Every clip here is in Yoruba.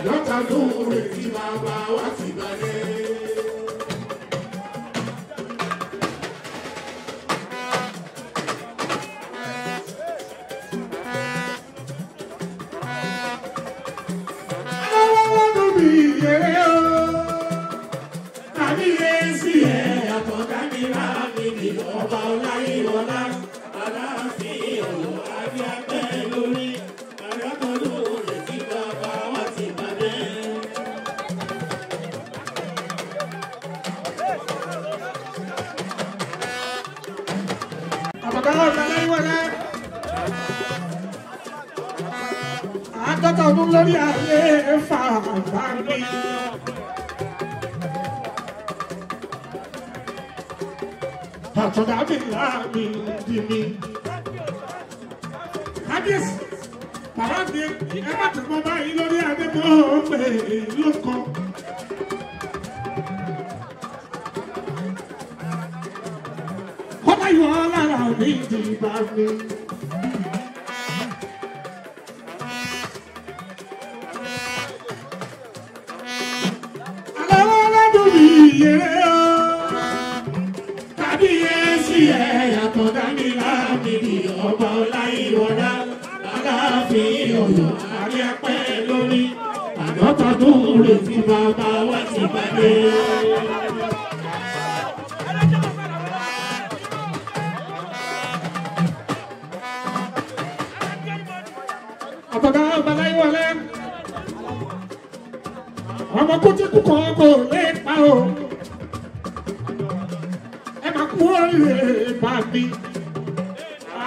àádọ́ta dùn retí bàbá wa ti balẹ̀. Ọba ọláyé ọlá, aláàfin ọ̀rọ̀ àbí abẹ́. àádọ́ta ọdún lórí ààyè ẹ̀fà àgbáńbí. Àtúndà mi láàmì di mi. Kábíyèsí, bàbá mi ẹ má tẹ̀mọ́ báyìí lórí adé mọ́ ọ̀pẹ lóko. Kọ́lá yọ̀ ọ́ lára mi dìgbà mi. yẹrẹ o kábíyèsí ẹ yàtọ̀ dámìlámìlì ọba ọláyíwọlá aláàfin ọ̀yọ́ àríyápẹ lórí àdọ́tọ̀dún retí bàbá wa ti bàdé. àtọ̀gá ọbaláyíwọlá ọmọ kútíkù kan kò lè pa o wọlé bàbí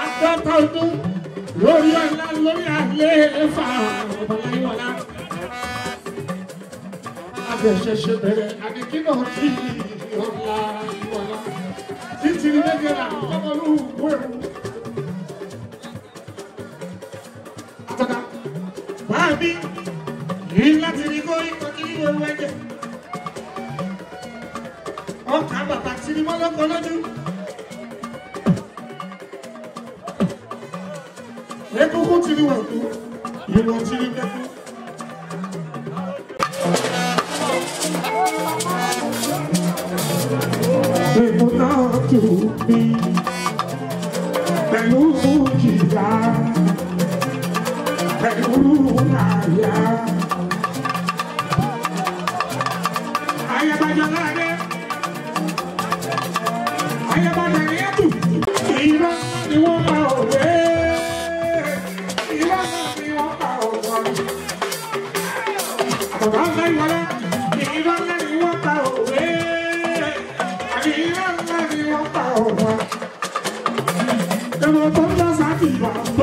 àádọ́ta ọdún lórí ọ̀la lórí a ọ̀bọ̀láyọ̀lá. Abẹ̀ṣẹ̀ṣẹ̀ bẹ̀rẹ̀ àdìkínà tí ọ̀la ìwọ̀lá títí lẹ́gẹ̀rẹ̀ àkọ́kọ́lù wẹ̀rù. Àtọ́ka bàbí yìí láti rí kó ikọ̀ kí ìwé wẹ́jẹ̀. sinimá lọ́kọ̀ lójú. Ekuku tiri wà kú, ìwọ̀n tiri kẹ́kú. Èmo náà drop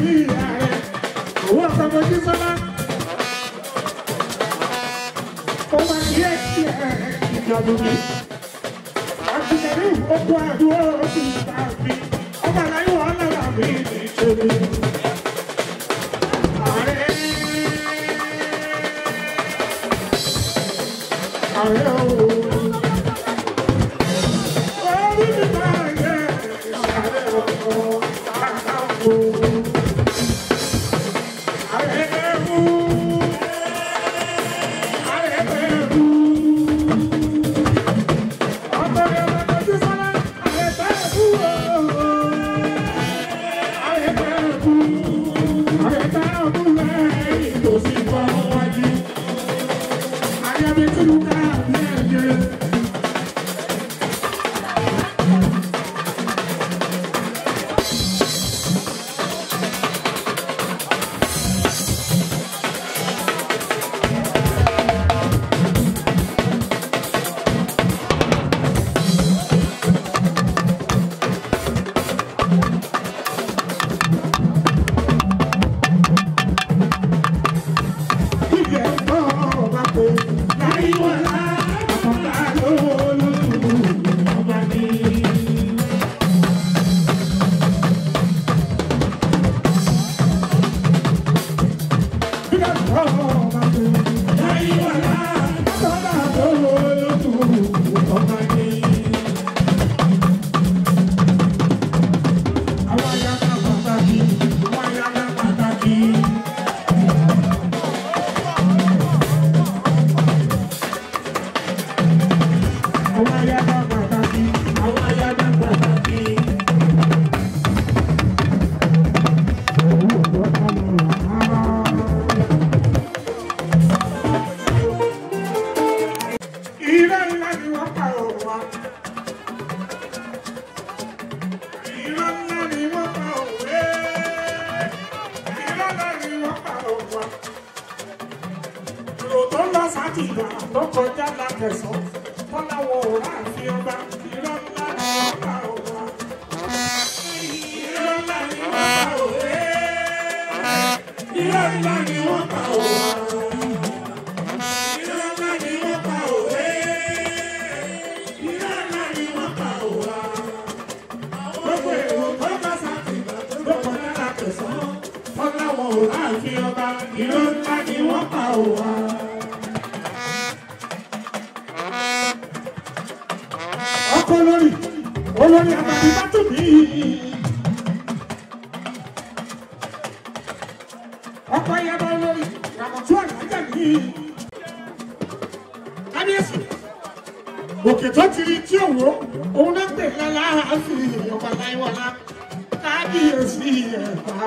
bí ìyá rẹ̀ owó ọ̀sánmọ́ sí sọ́lá. ó máa kí ẹ kí ẹ ìjọba mi. àtìlẹ́yìn òkú àdúrà òkú ìgbàgbé ọba láyé wàhálà làbí ìṣòro. ààrẹ ààrẹ. tó kọjá látẹ̀sán tọ́láwọ̀ òrà àfi ọba irọ́ ńlá ní ọba ọba irọ́ ńlá ní ọba òwe irọ́ ńlá ní ọba òwe. Ìlú ńlá ni wọ́n pa òwà. ọkọ yẹn bá lórí ràmọ̀tú àlàjá yìí. kábíyèsí òkè tó ti rí tí òwò òun náà pè lọ́la àfi ìyọ̀bà láìwọ̀lá kábíyèsí ẹ̀ bá